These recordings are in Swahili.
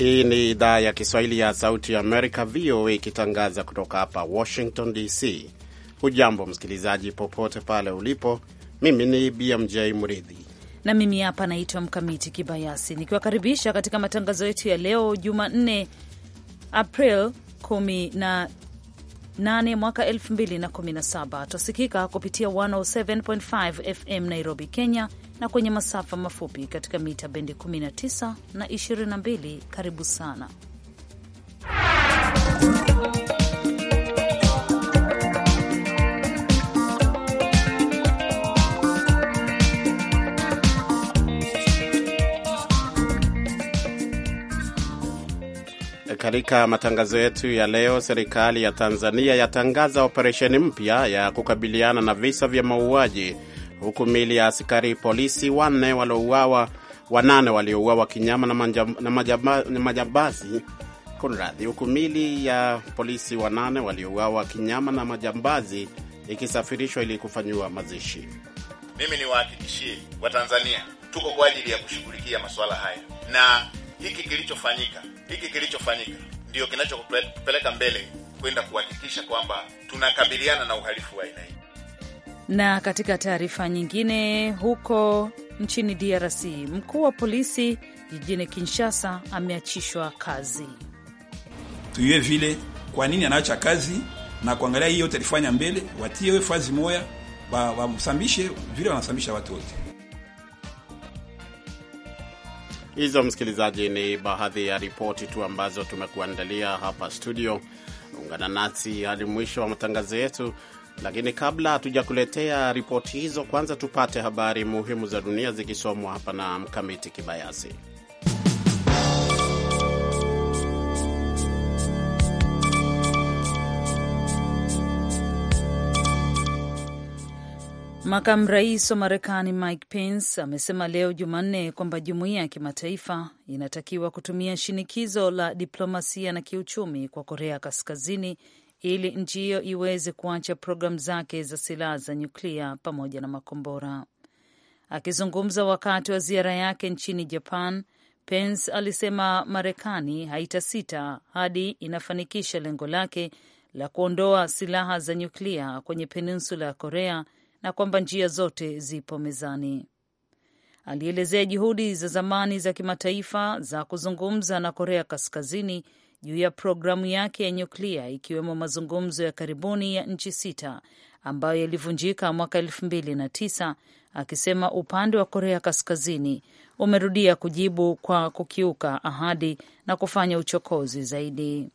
Hii ni idhaa ya Kiswahili ya Sauti ya Amerika, VOA, ikitangaza kutoka hapa Washington DC. Hujambo msikilizaji, popote pale ulipo. Mimi ni BMJ Mridhi na mimi hapa naitwa Mkamiti Kibayasi, nikiwakaribisha katika matangazo yetu ya leo Jumanne April 19 8 mwaka 2017. Twasikika kupitia 107.5 FM Nairobi, Kenya, na kwenye masafa mafupi katika mita bendi 19 na 22. Karibu sana katika matangazo yetu ya leo, serikali ya Tanzania yatangaza operesheni mpya ya kukabiliana na visa vya mauaji, huku mili ya askari polisi wanne waliouawa, wanane waliouawa kinyama na, na majambazi kunradhi, huku mili ya polisi wanane waliouawa kinyama na majambazi ikisafirishwa ili kufanyiwa mazishi. Mimi niwahakikishie Watanzania tuko kwa ajili ya kushughulikia masuala haya na hiki kilichofanyika, hiki kilichofanyika ndio kinachokupeleka mbele kwenda kuhakikisha kwamba tunakabiliana na uhalifu wa aina hii. Na katika taarifa nyingine, huko nchini DRC, mkuu wa polisi jijini Kinshasa ameachishwa kazi. tuiwe vile kwa nini anaacha kazi na kuangalia hii yote alifanya mbele, watie fazi moya, wamsambishe vile wanasambisha watu wote. Hizo msikilizaji, ni baadhi ya ripoti tu ambazo tumekuandalia hapa studio. Ungana nasi hadi mwisho wa matangazo yetu, lakini kabla hatujakuletea ripoti hizo, kwanza tupate habari muhimu za dunia zikisomwa hapa na Mkamiti Kibayasi. Makamu rais wa Marekani Mike Pence amesema leo Jumanne kwamba jumuiya ya kimataifa inatakiwa kutumia shinikizo la diplomasia na kiuchumi kwa Korea Kaskazini ili nchi hiyo iweze kuacha programu zake za silaha za nyuklia pamoja na makombora. Akizungumza wakati wa ziara yake nchini Japan, Pence alisema Marekani haitasita hadi inafanikisha lengo lake la kuondoa silaha za nyuklia kwenye peninsula ya Korea na kwamba njia zote zipo mezani. Alielezea juhudi za zamani za kimataifa za kuzungumza na Korea Kaskazini juu ya programu yake ya nyuklia ikiwemo mazungumzo ya karibuni ya nchi sita ambayo yalivunjika mwaka elfu mbili na tisa, akisema upande wa Korea Kaskazini umerudia kujibu kwa kukiuka ahadi na kufanya uchokozi zaidi.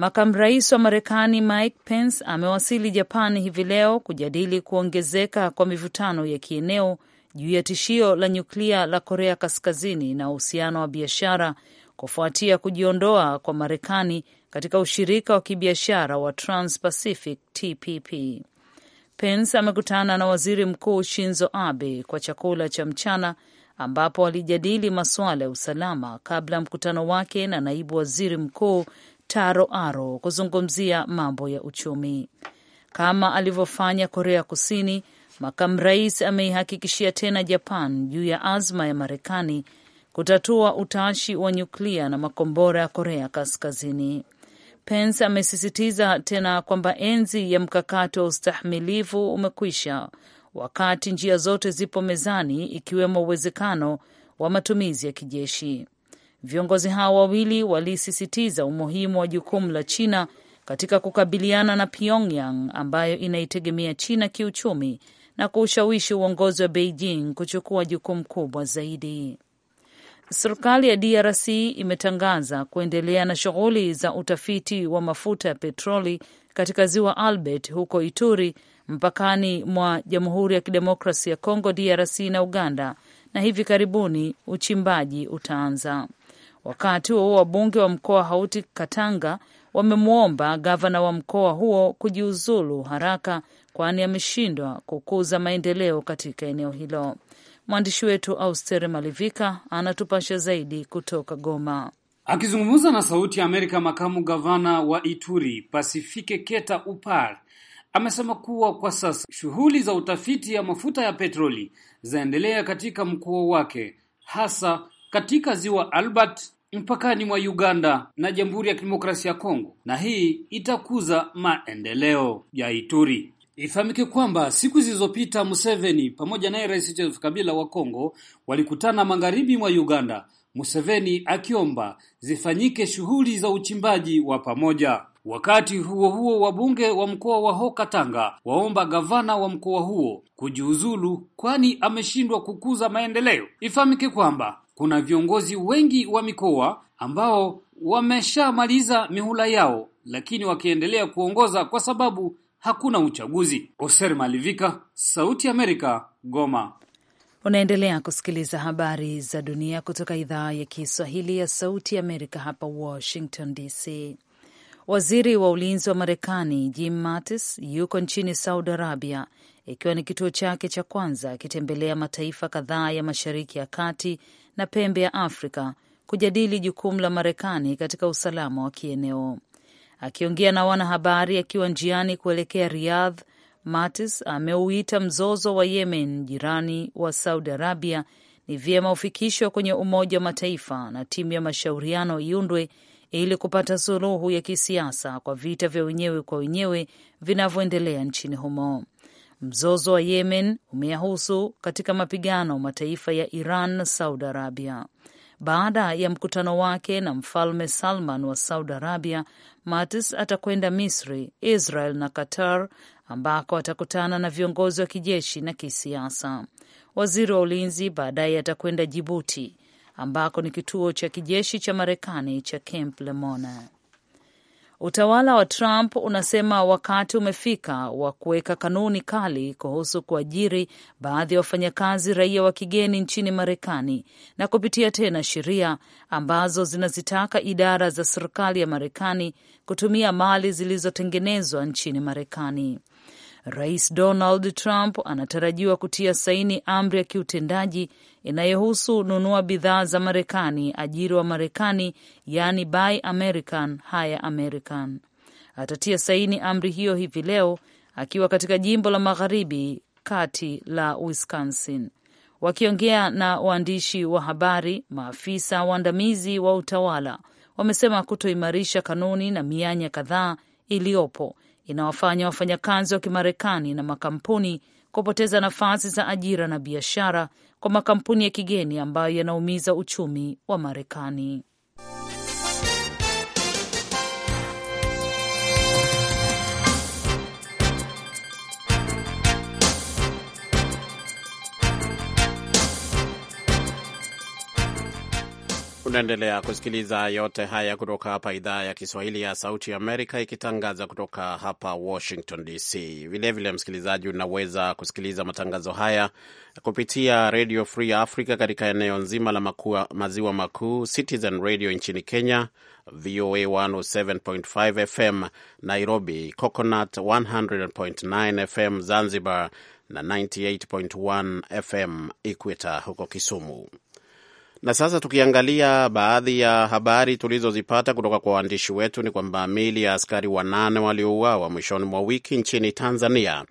Makamu rais wa Marekani Mike Pence amewasili Japan hivi leo kujadili kuongezeka kwa mivutano ya kieneo juu ya tishio la nyuklia la Korea Kaskazini na uhusiano wa biashara kufuatia kujiondoa kwa Marekani katika ushirika wa kibiashara wa transpacific TPP. Pence amekutana na Waziri Mkuu Shinzo Abe kwa chakula cha mchana ambapo alijadili masuala ya usalama kabla ya mkutano wake na naibu waziri mkuu Taro Aro kuzungumzia mambo ya uchumi kama alivyofanya Korea Kusini. Makamu rais ameihakikishia tena Japan juu ya azma ya Marekani kutatua utashi wa nyuklia na makombora ya Korea Kaskazini. Pence amesisitiza tena kwamba enzi ya mkakati wa ustahimilivu umekwisha, wakati njia zote zipo mezani, ikiwemo uwezekano wa matumizi ya kijeshi. Viongozi hao wawili walisisitiza umuhimu wa jukumu la China katika kukabiliana na Pyongyang ambayo inaitegemea China kiuchumi na kuushawishi uongozi wa Beijing kuchukua jukumu kubwa zaidi. Serikali ya DRC imetangaza kuendelea na shughuli za utafiti wa mafuta ya petroli katika ziwa Albert huko Ituri, mpakani mwa Jamhuri ya Kidemokrasi ya congo DRC na Uganda, na hivi karibuni uchimbaji utaanza. Wakati huo wabunge wa mkoa Hauti Katanga wamemwomba gavana wa mkoa huo kujiuzulu haraka, kwani ameshindwa kukuza maendeleo katika eneo hilo. Mwandishi wetu Auster Malivika anatupasha zaidi kutoka Goma. Akizungumza na Sauti ya Amerika, makamu gavana wa Ituri Pasifike Keta Upar amesema kuwa kwa sasa shughuli za utafiti ya mafuta ya petroli zaendelea katika mkoa wake hasa katika ziwa Albert mpakani mwa Uganda na Jamhuri ya Kidemokrasia ya Kongo, na hii itakuza maendeleo ya Ituri. Ifahamike kwamba siku zilizopita Museveni pamoja naye Rais Joseph Kabila wa Kongo walikutana magharibi mwa Uganda, Museveni akiomba zifanyike shughuli za uchimbaji wa pamoja. Wakati huo huo, wabunge wa mkoa wa Hoka Tanga waomba gavana wa mkoa huo kujiuzulu, kwani ameshindwa kukuza maendeleo. Ifahamike kwamba kuna viongozi wengi wa mikoa ambao wameshamaliza mihula yao, lakini wakiendelea kuongoza kwa sababu hakuna uchaguzi. Oser Malivika, Sauti Amerika, Goma. Unaendelea kusikiliza habari za dunia kutoka idhaa ya Kiswahili ya Sauti Amerika hapa Washington DC. Waziri wa ulinzi wa Marekani Jim Mattis yuko nchini Saudi Arabia, ikiwa ni kituo chake cha kwanza akitembelea mataifa kadhaa ya Mashariki ya Kati na pembe ya Afrika kujadili jukumu la Marekani katika usalama wa kieneo. Akiongea na wanahabari akiwa njiani kuelekea Riyadh, Mattis ameuita mzozo wa Yemen jirani wa Saudi Arabia ni vyema ufikishwa kwenye Umoja wa Mataifa na timu ya mashauriano iundwe ili kupata suluhu ya kisiasa kwa vita vya wenyewe kwa wenyewe vinavyoendelea nchini humo. Mzozo wa Yemen umeyahusu katika mapigano mataifa ya Iran na Saudi Arabia. Baada ya mkutano wake na Mfalme Salman wa Saudi Arabia, Mattis atakwenda Misri, Israel na Qatar ambako atakutana na viongozi wa kijeshi na kisiasa. Waziri wa ulinzi baadaye atakwenda Jibuti ambako ni kituo cha kijeshi cha Marekani cha Camp Lemona. Utawala wa Trump unasema wakati umefika wa kuweka kanuni kali kuhusu kuajiri baadhi ya wafanyakazi raia wa kigeni nchini Marekani na kupitia tena sheria ambazo zinazitaka idara za serikali ya Marekani kutumia mali zilizotengenezwa nchini Marekani. Rais Donald Trump anatarajiwa kutia saini amri ya kiutendaji inayohusu nunua bidhaa za Marekani, ajiri wa Marekani, yaani buy American hire American. Atatia saini amri hiyo hivi leo akiwa katika jimbo la magharibi kati la Wisconsin. Wakiongea na waandishi wa habari, maafisa waandamizi wa utawala wamesema kutoimarisha kanuni na mianya kadhaa iliyopo inawafanya wafanyakazi wa Kimarekani na makampuni kupoteza nafasi za ajira na biashara kwa makampuni ya kigeni ambayo yanaumiza uchumi wa Marekani. Unaendelea kusikiliza yote haya kutoka hapa idhaa ya Kiswahili ya Sauti ya Amerika ikitangaza kutoka hapa Washington DC. Vilevile msikilizaji, unaweza kusikiliza matangazo haya kupitia Radio Free Africa katika eneo nzima la makua, maziwa makuu, Citizen Radio nchini Kenya, VOA 107.5 FM Nairobi, Coconut 100.9 FM Zanzibar na 98.1 FM Equator huko Kisumu. Na sasa tukiangalia baadhi ya habari tulizozipata kutoka kwa waandishi wetu ni kwamba miili ya askari wanane waliouawa mwishoni mwa wiki nchini Tanzania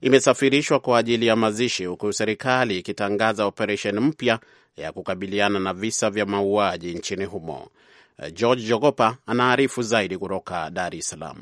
imesafirishwa kwa ajili ya mazishi, huku serikali ikitangaza operesheni mpya ya kukabiliana na visa vya mauaji nchini humo. George Jogopa anaarifu zaidi kutoka Dar es Salaam.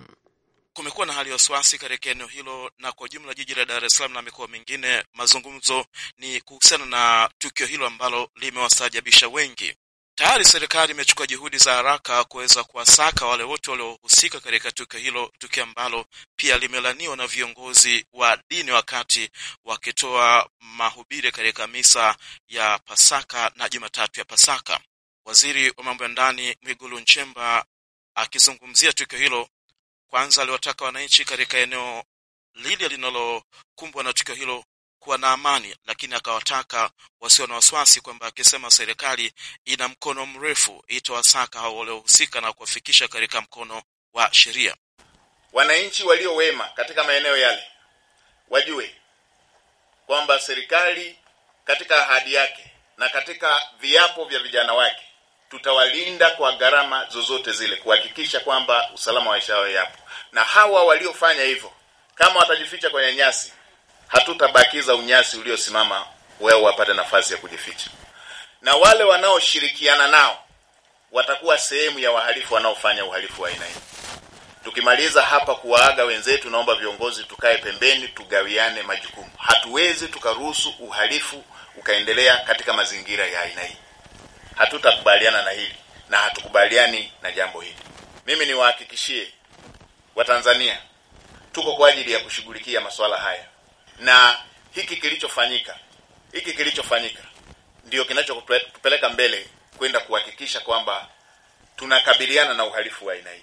Kumekuwa na hali ya wasiwasi katika eneo hilo na kwa ujumla jiji la Dar es Salaam na mikoa mingine. Mazungumzo ni kuhusiana na tukio hilo ambalo limewastaajabisha wengi. Tayari serikali imechukua juhudi za haraka kuweza kuwasaka wale wote waliohusika katika tukio hilo, tukio ambalo pia limelaniwa na viongozi wa dini wakati wakitoa mahubiri katika misa ya Pasaka na Jumatatu ya Pasaka. Waziri wa mambo ya ndani Mwigulu Nchemba akizungumzia tukio hilo kwanza aliwataka wananchi katika eneo lile linalokumbwa na tukio hilo kuwa na amani, lakini akawataka wasio na wasiwasi, kwamba akisema serikali ina mkono mrefu, itawasaka hao waliohusika na kuwafikisha katika mkono wa sheria. Wananchi walio wema katika maeneo yale wajue kwamba serikali katika ahadi yake na katika viapo vya vijana wake tutawalinda kwa gharama zozote zile kuhakikisha kwamba usalama wa maisha yao yapo. Na hawa waliofanya hivyo kama watajificha kwenye nyasi, hatutabakiza unyasi uliosimama wao wapate nafasi ya kujificha. Na wale wanaoshirikiana nao watakuwa sehemu ya wahalifu wanaofanya uhalifu wa aina hii. Tukimaliza hapa kuwaaga wenzetu, naomba viongozi tukae pembeni, tugawiane majukumu. Hatuwezi tukaruhusu uhalifu ukaendelea katika mazingira ya aina hii hatutakubaliana na hili na hatukubaliani na jambo hili. Mimi niwahakikishie Watanzania tuko kwa ajili ya kushughulikia masuala haya, na hiki kilichofanyika hiki kilichofanyika ndio kinachotupeleka mbele kwenda kuhakikisha kwamba tunakabiliana na uhalifu wa aina hii.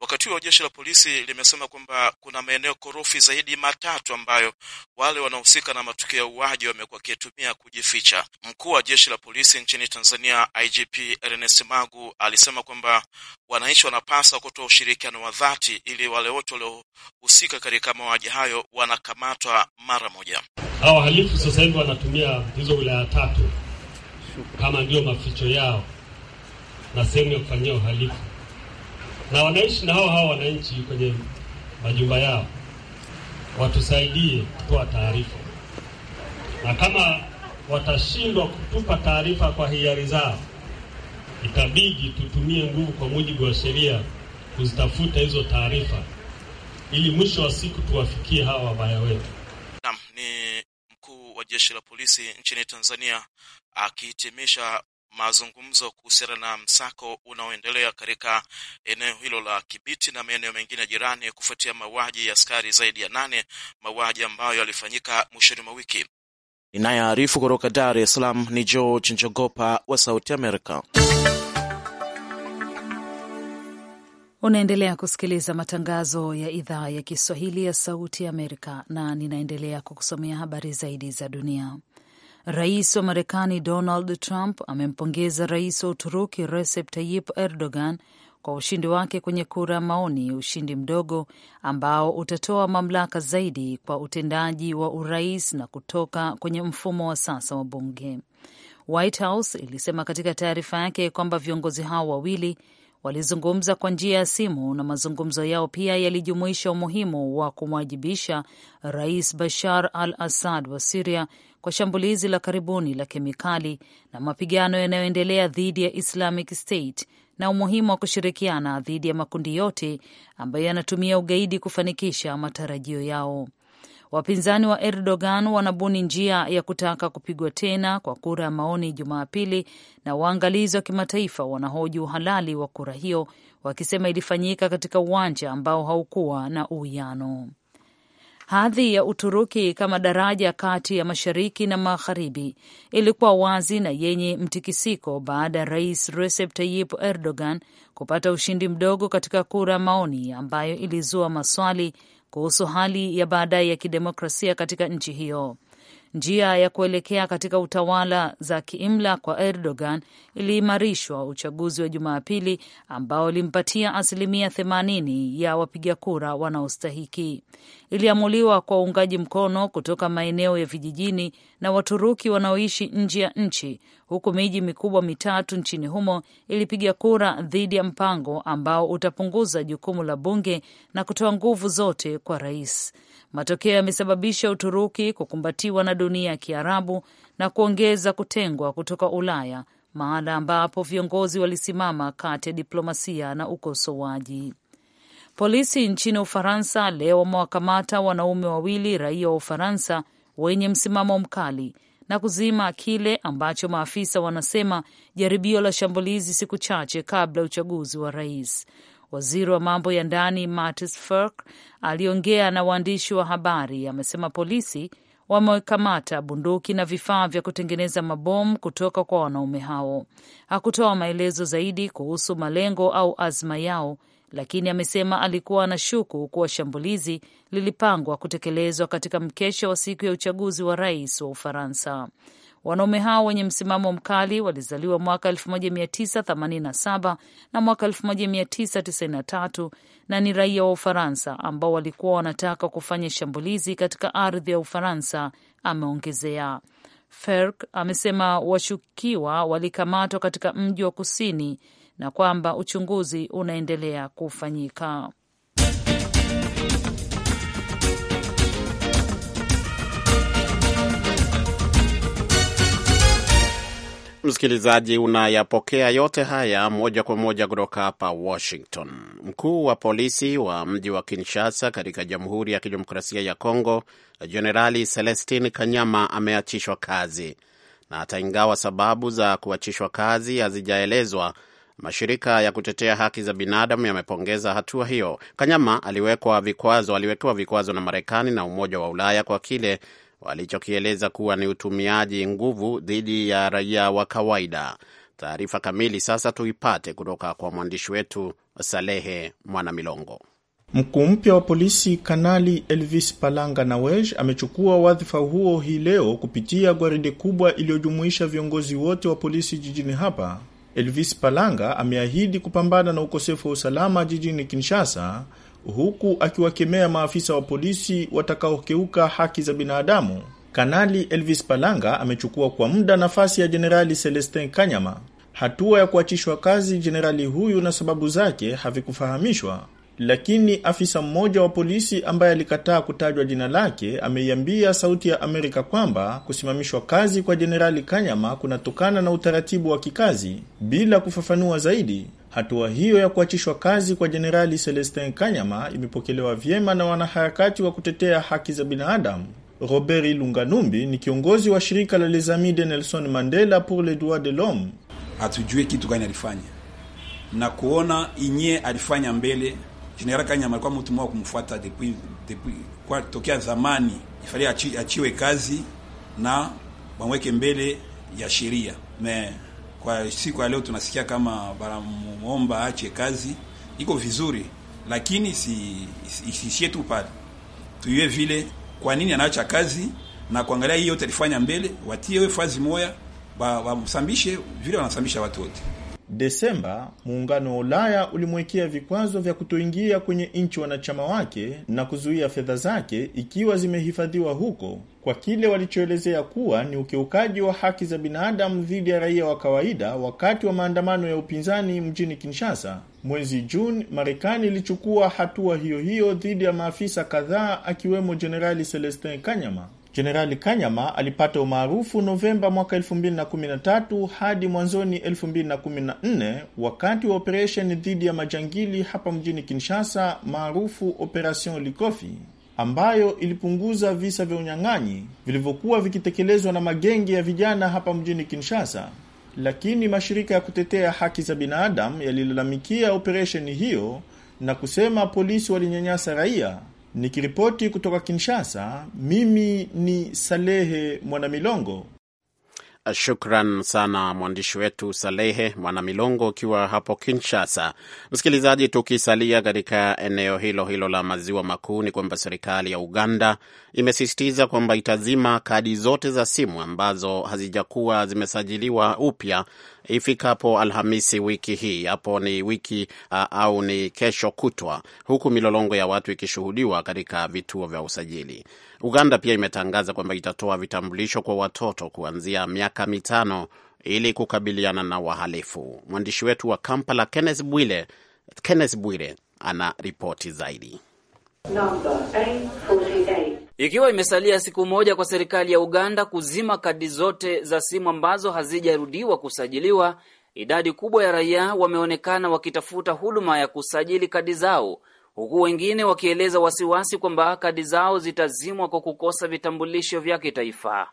Wakati huo jeshi la polisi limesema kwamba kuna maeneo korofi zaidi matatu ambayo wale wanaohusika na matukio ya uaji wamekuwa wakitumia kujificha. Mkuu wa jeshi la polisi nchini Tanzania, IGP Ernest Magu, alisema kwamba wananchi wanapaswa kutoa ushirikiano wa dhati ili wale wote waliohusika katika mauaji hayo wanakamatwa mara moja. Hao wahalifu sasa hivi wanatumia hizo wilaya tatu kama ndio maficho yao na sehemu ya kufanyia uhalifu, na wanaishi na hao hao wananchi kwenye majumba yao, watusaidie kutoa taarifa, na kama watashindwa kutupa taarifa kwa hiari zao, itabidi tutumie nguvu kwa mujibu wa sheria kuzitafuta hizo taarifa ili mwisho wa siku tuwafikie hawa wabaya wetu. Naam, ni mkuu wa jeshi la polisi nchini Tanzania akihitimisha mazungumzo kuhusiana na msako unaoendelea katika eneo hilo la Kibiti na maeneo mengine jirani kufuatia mauaji ya askari zaidi ya nane, mauaji ambayo yalifanyika mwishoni mwa wiki. Inayoarifu kutoka Dar es Salaam ni George Njogopa wa Sauti Amerika. Unaendelea kusikiliza matangazo ya idhaa ya Kiswahili ya Sauti Amerika, na ninaendelea kukusomea habari zaidi za dunia. Rais wa Marekani Donald Trump amempongeza rais wa Uturuki Recep Tayyip Erdogan kwa ushindi wake kwenye kura ya maoni, ushindi mdogo ambao utatoa mamlaka zaidi kwa utendaji wa urais na kutoka kwenye mfumo wa sasa wa bunge. White House ilisema katika taarifa yake kwamba viongozi hao wawili walizungumza kwa njia ya simu na mazungumzo yao pia yalijumuisha umuhimu wa kumwajibisha Rais Bashar al Assad wa Siria kwa shambulizi la karibuni la kemikali na mapigano yanayoendelea dhidi ya Islamic State na umuhimu wa kushirikiana dhidi ya makundi yote ambayo yanatumia ugaidi kufanikisha matarajio yao. Wapinzani wa Erdogan wanabuni njia ya kutaka kupigwa tena kwa kura ya maoni Jumapili, na waangalizi wa kimataifa wanahoji uhalali wa kura hiyo, wakisema ilifanyika katika uwanja ambao haukuwa na uwiano. Hadhi ya Uturuki kama daraja kati ya mashariki na magharibi ilikuwa wazi na yenye mtikisiko baada ya rais Recep Tayyip Erdogan kupata ushindi mdogo katika kura maoni ambayo ilizua maswali kuhusu hali ya baadaye ya kidemokrasia katika nchi hiyo. Njia ya kuelekea katika utawala za kiimla kwa Erdogan iliimarishwa uchaguzi wa Jumapili ambao ulimpatia asilimia 80 ya wapiga kura wanaostahiki. Iliamuliwa kwa uungaji mkono kutoka maeneo ya vijijini na Waturuki wanaoishi nje ya nchi, huku miji mikubwa mitatu nchini humo ilipiga kura dhidi ya mpango ambao utapunguza jukumu la bunge na kutoa nguvu zote kwa rais. Matokeo yamesababisha Uturuki kukumbatiwa na dunia ya Kiarabu na kuongeza kutengwa kutoka Ulaya, mahala ambapo viongozi walisimama kati ya diplomasia na ukosoaji. Polisi nchini Ufaransa leo wamewakamata wanaume wawili raia wa Ufaransa wenye msimamo mkali na kuzima kile ambacho maafisa wanasema jaribio la shambulizi siku chache kabla ya uchaguzi wa rais. Waziri wa mambo ya ndani Mattis Firk aliongea na waandishi wa habari, amesema polisi wamekamata bunduki na vifaa vya kutengeneza mabomu kutoka kwa wanaume hao. Hakutoa maelezo zaidi kuhusu malengo au azma yao, lakini amesema alikuwa na shuku kuwa shambulizi lilipangwa kutekelezwa katika mkesha wa siku ya uchaguzi wa rais wa Ufaransa. Wanaume hao wenye msimamo mkali walizaliwa mwaka 1987 na mwaka 1993 na ni raia wa Ufaransa ambao walikuwa wanataka kufanya shambulizi katika ardhi ya Ufaransa, ameongezea. Ferk amesema washukiwa walikamatwa katika mji wa kusini na kwamba uchunguzi unaendelea kufanyika. Msikilizaji, unayapokea yote haya moja kwa moja kutoka hapa Washington. Mkuu wa polisi wa mji wa Kinshasa katika Jamhuri ya Kidemokrasia ya Kongo, Jenerali Celestin Kanyama ameachishwa kazi, na hata ingawa sababu za kuachishwa kazi hazijaelezwa, mashirika ya kutetea haki za binadamu yamepongeza hatua hiyo. Kanyama aliwekwa vikwazo, aliwekewa vikwazo na Marekani na Umoja wa Ulaya kwa kile walichokieleza kuwa ni utumiaji nguvu dhidi ya raia wa kawaida. Taarifa kamili sasa tuipate kutoka kwa mwandishi wetu Salehe Mwanamilongo. Mkuu mpya wa polisi Kanali Elvis Palanga Nawej amechukua wadhifa huo hii leo kupitia gwaride kubwa iliyojumuisha viongozi wote wa polisi jijini hapa. Elvis Palanga ameahidi kupambana na ukosefu wa usalama jijini Kinshasa huku akiwakemea maafisa wa polisi watakaokeuka haki za binadamu. Kanali Elvis Palanga amechukua kwa muda nafasi ya Jenerali Celestin Kanyama. Hatua ya kuachishwa kazi jenerali huyu na sababu zake havikufahamishwa, lakini afisa mmoja wa polisi ambaye alikataa kutajwa jina lake ameiambia Sauti ya Amerika kwamba kusimamishwa kazi kwa Jenerali Kanyama kunatokana na utaratibu wa kikazi bila kufafanua zaidi. Hatua hiyo ya kuachishwa kazi kwa Jenerali Celestin Kanyama imepokelewa vyema na wanaharakati wa kutetea haki za binadamu. Robert Ilunganumbi ni kiongozi wa shirika la Les Amis de Nelson Mandela pour le Droit de l'homme. Hatujui kitu gani alifanya na kuona inye alifanya mbele General Kanyama alikuwa mtu mmoja kumfuata depuis depuis kwa tokea zamani, ifali achi, achiwe kazi na wamweke mbele ya sheria. Me kwa siku ya leo tunasikia kama baramuomba ache kazi, iko vizuri, lakini si isiishie tu pale, tuiwe vile. Kwa nini anaacha kazi na kuangalia hii yote alifanya mbele, watie fazi moya, wamsambishe vile wanasambisha watu wote. Desemba, muungano wa Ulaya ulimwekea vikwazo vya kutoingia kwenye nchi wanachama wake na kuzuia fedha zake ikiwa zimehifadhiwa huko kwa kile walichoelezea kuwa ni ukiukaji wa haki za binadamu dhidi ya raia wa kawaida wakati wa maandamano ya upinzani mjini Kinshasa. Mwezi Juni, Marekani ilichukua hatua hiyo hiyo dhidi ya maafisa kadhaa akiwemo Jenerali Celestin Kanyama. Jenerali Kanyama alipata umaarufu Novemba mwaka 2013 hadi mwanzoni 2014 wakati wa operesheni dhidi ya majangili hapa mjini Kinshasa, maarufu Operation Likofi, ambayo ilipunguza visa vya unyang'anyi vilivyokuwa vikitekelezwa na magenge ya vijana hapa mjini Kinshasa. Lakini mashirika ya kutetea haki za binadamu yalilalamikia operesheni hiyo na kusema polisi walinyanyasa raia Nikiripoti kutoka Kinshasa, mimi ni Salehe Mwanamilongo. Shukran sana mwandishi wetu Salehe Mwanamilongo ukiwa hapo Kinshasa. Msikilizaji, tukisalia katika eneo hilo hilo la maziwa makuu, ni kwamba serikali ya Uganda imesisitiza kwamba itazima kadi zote za simu ambazo hazijakuwa zimesajiliwa upya ifikapo Alhamisi wiki hii. Hapo ni wiki uh, au ni kesho kutwa, huku milolongo ya watu ikishuhudiwa katika vituo vya usajili. Uganda pia imetangaza kwamba itatoa vitambulisho kwa watoto kuanzia miaka mitano ili kukabiliana na wahalifu. Mwandishi wetu wa Kampala Kenneth Bwire, Kenneth Bwire ana ripoti zaidi Number ikiwa imesalia siku moja kwa serikali ya Uganda kuzima kadi zote za simu ambazo hazijarudiwa kusajiliwa, idadi kubwa ya raia wameonekana wakitafuta huduma ya kusajili kadi zao, huku wengine wakieleza wasiwasi kwamba kadi zao zitazimwa kwa kukosa vitambulisho vya kitaifa.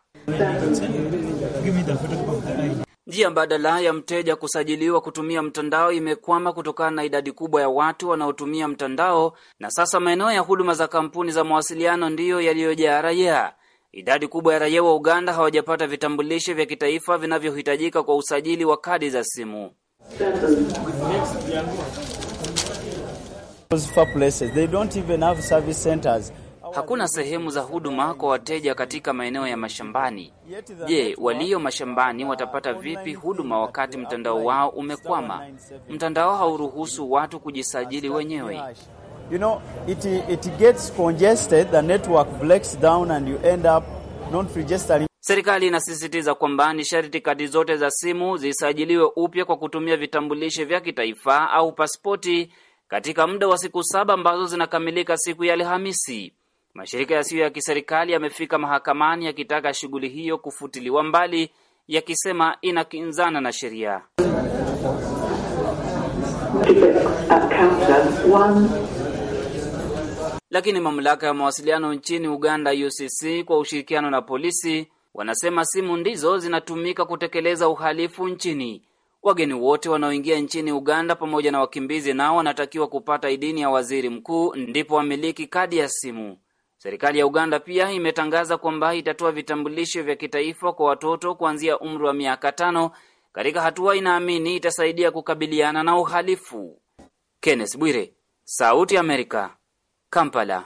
Njia mbadala ya mteja kusajiliwa kutumia mtandao imekwama kutokana na idadi kubwa ya watu wanaotumia mtandao, na sasa maeneo ya huduma za kampuni za mawasiliano ndiyo yaliyojaa raia. Idadi kubwa ya raia wa Uganda hawajapata vitambulisho vya kitaifa vinavyohitajika kwa usajili wa kadi za simu. Hakuna sehemu za huduma kwa wateja katika maeneo ya mashambani. Je, walio mashambani watapata vipi huduma wakati mtandao wao umekwama? Mtandao hauruhusu watu kujisajili wenyewe. You know, it, it gets congested, the network breaks down and you end up not registering. Serikali inasisitiza kwamba ni sharti kadi zote za simu zisajiliwe upya kwa kutumia vitambulisho vya kitaifa au pasipoti katika muda wa siku saba ambazo zinakamilika siku ya Alhamisi. Mashirika yasiyo ya kiserikali yamefika mahakamani yakitaka shughuli hiyo kufutiliwa mbali, yakisema inakinzana na sheria. Lakini mamlaka ya mawasiliano nchini Uganda UCC kwa ushirikiano na polisi wanasema simu ndizo zinatumika kutekeleza uhalifu nchini. Wageni wote wanaoingia nchini Uganda pamoja na wakimbizi nao wanatakiwa kupata idini ya waziri mkuu ndipo wamiliki kadi ya simu. Serikali ya Uganda pia imetangaza kwamba itatoa vitambulisho vya kitaifa kwa watoto kuanzia umri wa miaka tano katika hatua inaamini itasaidia kukabiliana na uhalifu. Kenneth Bwire, Sauti ya Amerika, Kampala.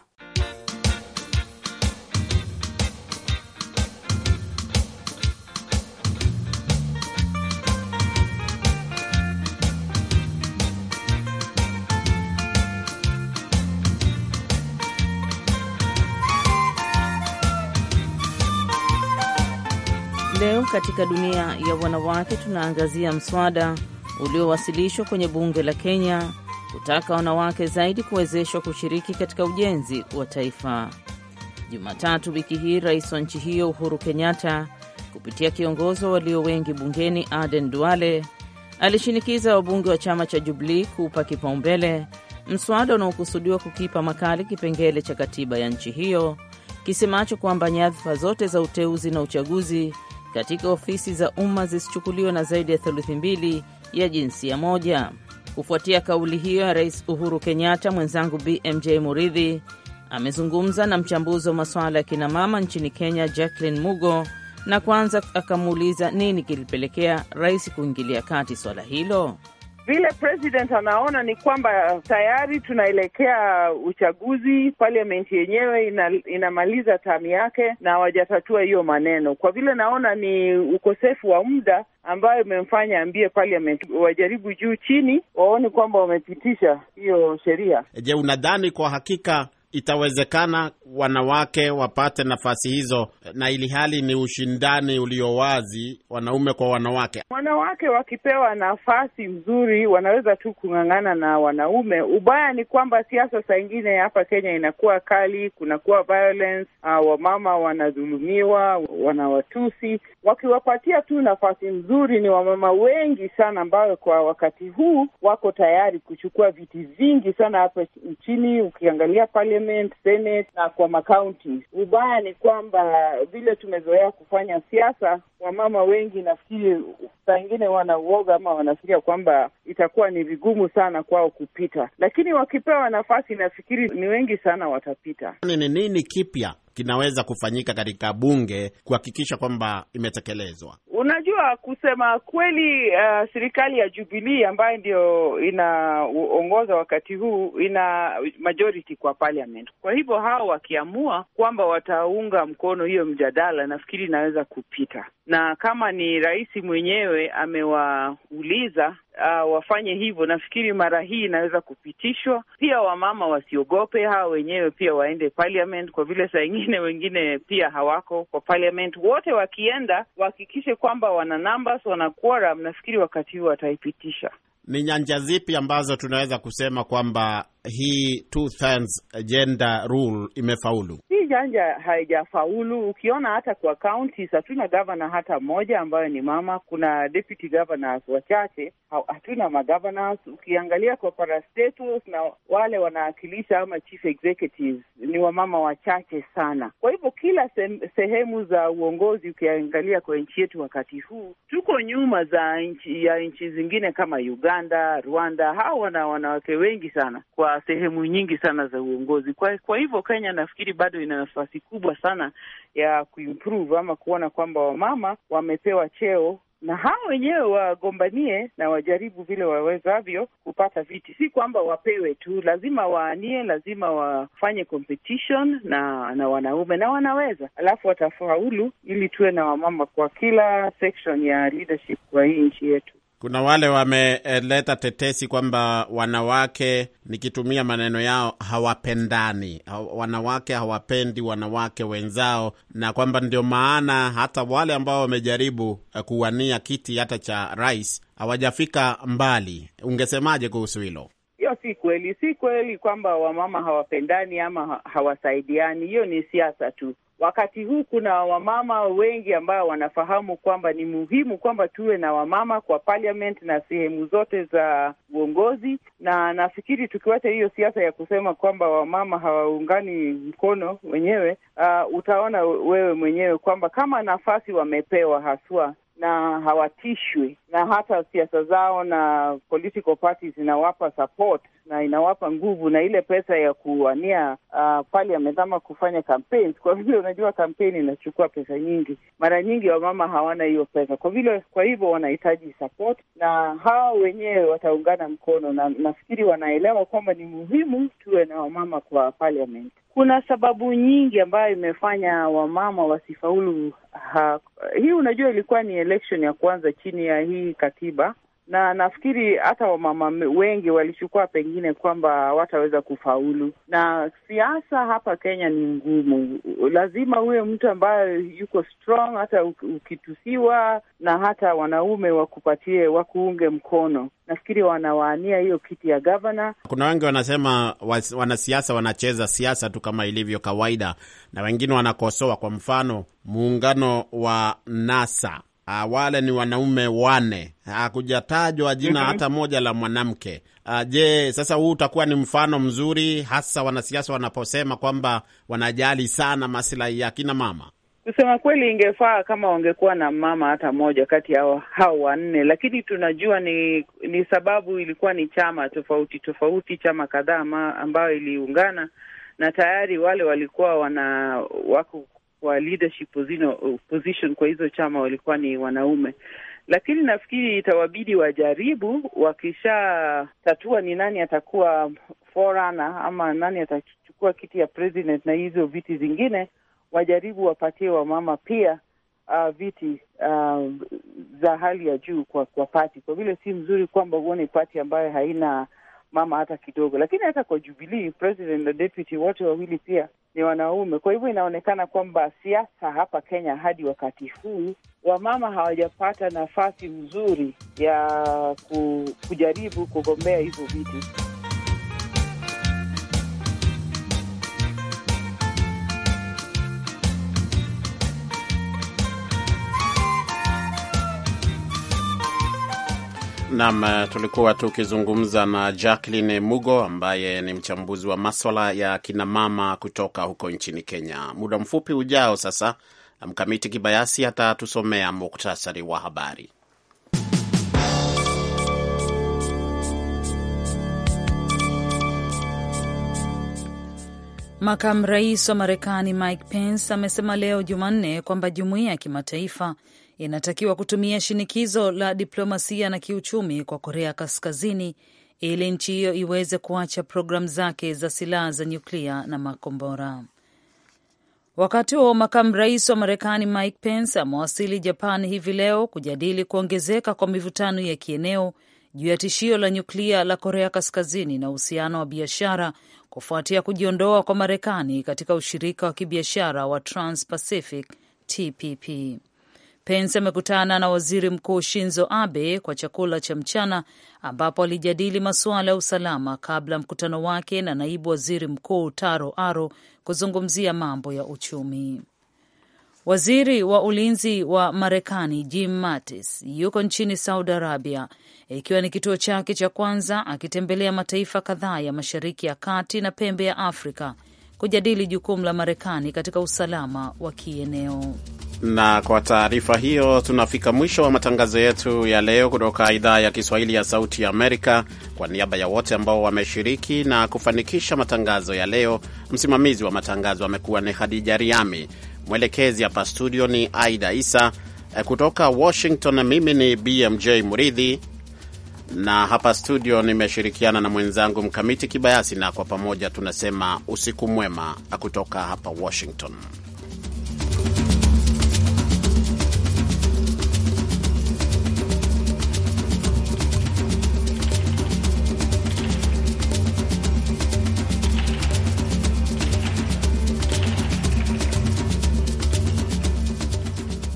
katika dunia ya wanawake, tunaangazia mswada uliowasilishwa kwenye bunge la Kenya kutaka wanawake zaidi kuwezeshwa kushiriki katika ujenzi wa taifa. Jumatatu wiki hii, rais wa nchi hiyo Uhuru Kenyatta kupitia kiongozi wa walio wengi bungeni Aden Duale alishinikiza wabunge wa chama cha Jubilii kuupa kipaumbele mswada unaokusudiwa kukipa makali kipengele cha katiba ya nchi hiyo kisemacho kwamba nyadhifa zote za uteuzi na uchaguzi katika ofisi za umma zisichukuliwe na zaidi ya theluthi mbili ya jinsia moja. Kufuatia kauli hiyo ya Rais Uhuru Kenyatta, mwenzangu BMJ Muridhi amezungumza na mchambuzi wa masuala ya kinamama nchini Kenya, Jacqueline Mugo, na kwanza akamuuliza nini kilipelekea rais kuingilia kati swala hilo vile president anaona ni kwamba tayari tunaelekea uchaguzi, parliament yenyewe ina, inamaliza tamu yake na hawajatatua hiyo maneno. Kwa vile naona ni ukosefu wa muda ambayo imemfanya ambie parliament wajaribu juu chini waone kwamba wamepitisha hiyo sheria. Je, unadhani kwa hakika itawezekana wanawake wapate nafasi hizo, na ili hali ni ushindani ulio wazi, wanaume kwa wanawake. Wanawake wakipewa nafasi nzuri, wanaweza tu kung'ang'ana na wanaume. Ubaya ni kwamba siasa saa ingine hapa Kenya inakuwa kali, kunakuwa violence, ah, wamama wanadhulumiwa, wanawatusi. Wakiwapatia tu nafasi nzuri, ni wamama wengi sana ambayo kwa wakati huu wako tayari kuchukua viti vingi sana hapa nchini. Ukiangalia pale parliament, senate na kwa makaunti. Ubaya ni kwamba vile tumezoea kufanya siasa wamama wengi nafikiri saa ingine wana uoga ama wanafikiria kwamba itakuwa ni vigumu sana kwao kupita, lakini wakipewa nafasi nafikiri ni wengi sana watapita. Ni nini kipya kinaweza kufanyika katika bunge kuhakikisha kwamba imetekelezwa? Unajua, kusema kweli, uh, serikali ya jubilii ambayo ndio inaongoza wakati huu ina majority kwa parliament. Kwa hivyo hao wakiamua kwamba wataunga mkono hiyo mjadala, nafikiri inaweza kupita na kama ni rais mwenyewe amewauliza uh, wafanye hivyo, nafikiri mara hii inaweza kupitishwa. Pia wamama wasiogope, hawa wenyewe pia waende parliament, kwa vile saa ingine wengine pia hawako kwa parliament. Wote wakienda wahakikishe kwamba wana numbers, wana quorum. Nafikiri wakati huu wataipitisha. Ni nyanja zipi ambazo tunaweza kusema kwamba hii two-thirds gender rule imefaulu? hii janja haijafaulu. Ukiona hata kwa kaunti hatuna gavana hata mmoja ambayo ni mama. Kuna deputy governors wachache, hatuna magovernors. Ukiangalia kwa parastatus na wale wanawakilisha ama chief executives ni wamama wachache sana. Kwa hivyo kila sehemu za uongozi ukiangalia kwa nchi yetu wakati huu tuko nyuma za nchi, ya nchi zingine kama Uganda, Rwanda. Hawa wana wanawake wengi sana kwa sehemu nyingi sana za uongozi. Kwa, kwa hivyo Kenya nafikiri bado na nafasi kubwa sana ya kuimprove ama kuona kwamba wamama wamepewa cheo na hao wenyewe wagombanie na wajaribu vile wawezavyo kupata viti. Si kwamba wapewe tu, lazima waanie, lazima wafanye competition na na wanaume, na wanaweza, alafu watafaulu, ili tuwe na wamama kwa kila section ya leadership kwa hii nchi yetu. Kuna wale wameleta tetesi kwamba wanawake, nikitumia maneno yao, hawapendani. Wanawake hawapendi wanawake wenzao, na kwamba ndio maana hata wale ambao wamejaribu eh, kuwania kiti hata cha rais hawajafika mbali. Ungesemaje kuhusu hilo? hiyo si kweli. Si kweli kwamba wamama hawapendani ama hawasaidiani, hiyo ni siasa tu. Wakati huu kuna wamama wengi ambao wanafahamu kwamba ni muhimu kwamba tuwe na wamama kwa parliament na sehemu zote za uongozi, na nafikiri tukiwacha hiyo siasa ya kusema kwamba wamama hawaungani mkono wenyewe, uh, utaona wewe mwenyewe kwamba kama nafasi wamepewa haswa na hawatishwi na hata siasa zao na political parties zinawapa support na inawapa nguvu na ile pesa ya kuwania uh, pale ama kufanya campaign. Kwa vile unajua campaign inachukua pesa nyingi, mara nyingi wamama hawana hiyo pesa, kwa vile kwa hivyo wanahitaji support, na hawa wenyewe wataungana mkono, na nafikiri wanaelewa kwamba ni muhimu tuwe na wamama kwa parliament. Kuna sababu nyingi ambayo imefanya wamama wasifaulu. Ha, hii unajua ilikuwa ni election ya kwanza chini ya hii katiba na nafikiri hata wamama wengi walichukua pengine kwamba wataweza kufaulu, na siasa hapa Kenya ni ngumu. Lazima huye mtu ambaye yuko strong, hata ukitusiwa na hata wanaume wakupatie, wakuunge mkono. Nafikiri wanawaania hiyo kiti ya gavana. Kuna wengi wanasema wanasiasa wanacheza siasa tu kama ilivyo kawaida, na wengine wanakosoa, kwa mfano muungano wa NASA uh, wale ni wanaume wane, ah, hakujatajwa jina mm -hmm. hata moja la mwanamke uh, je, sasa huu utakuwa ni mfano mzuri hasa wanasiasa wanaposema kwamba wanajali sana masilahi ya kina mama? Kusema kweli, ingefaa kama wangekuwa na mama hata moja kati ya hao wanne, lakini tunajua ni ni sababu ilikuwa ni chama tofauti tofauti, chama kadhaa ambayo iliungana na tayari wale walikuwa wana wako kwa leadership position kwa hizo chama walikuwa ni wanaume, lakini nafikiri itawabidi wajaribu, wakishatatua ni nani atakuwa forerunner ama nani atachukua kiti ya president na hizo viti zingine, wajaribu wapatie wamama pia Uh, viti uh, za hali ya juu kwa kwa pati, kwa vile si mzuri kwamba huone pati ambayo haina mama hata kidogo. Lakini hata kwa Jubilee, president na deputy wote wawili pia ni wanaume. Kwa hivyo inaonekana kwamba siasa hapa Kenya hadi wakati huu wamama hawajapata nafasi nzuri ya kujaribu kugombea hivyo viti. Nam, eh, tulikuwa tukizungumza na Jacqueline Mugo ambaye ni mchambuzi wa maswala ya kinamama kutoka huko nchini Kenya. Muda mfupi ujao sasa, eh, Mkamiti Kibayasi atatusomea muktasari wa habari. Makamu rais wa Marekani Mike Pence amesema leo Jumanne kwamba jumuiya ya kimataifa inatakiwa kutumia shinikizo la diplomasia na kiuchumi kwa Korea Kaskazini ili nchi hiyo iweze kuacha programu zake za silaha za nyuklia na makombora. Wakati huo makamu rais wa Marekani Mike Pence amewasili Japan hivi leo kujadili kuongezeka kwa mivutano ya kieneo juu ya tishio la nyuklia la Korea Kaskazini na uhusiano wa biashara kufuatia kujiondoa kwa Marekani katika ushirika wa kibiashara wa transpacific TPP. Pence amekutana na waziri mkuu Shinzo Abe kwa chakula cha mchana ambapo alijadili masuala ya usalama kabla ya mkutano wake na naibu waziri mkuu Taro Aro kuzungumzia mambo ya uchumi. Waziri wa ulinzi wa Marekani Jim Mattis yuko nchini Saudi Arabia, ikiwa ni kituo chake cha kwanza akitembelea mataifa kadhaa ya Mashariki ya Kati na pembe ya Afrika kujadili jukumu la Marekani katika usalama wa kieneo. Na kwa taarifa hiyo tunafika mwisho wa matangazo yetu ya leo kutoka idhaa ya Kiswahili ya Sauti ya Amerika. Kwa niaba ya wote ambao wameshiriki na kufanikisha matangazo ya leo, msimamizi wa matangazo amekuwa ni Hadija Riami, mwelekezi hapa studio ni Aida Isa eh, kutoka Washington. Mimi ni BMJ Muridhi na hapa studio nimeshirikiana na mwenzangu Mkamiti Kibayasi, na kwa pamoja tunasema usiku mwema kutoka hapa Washington.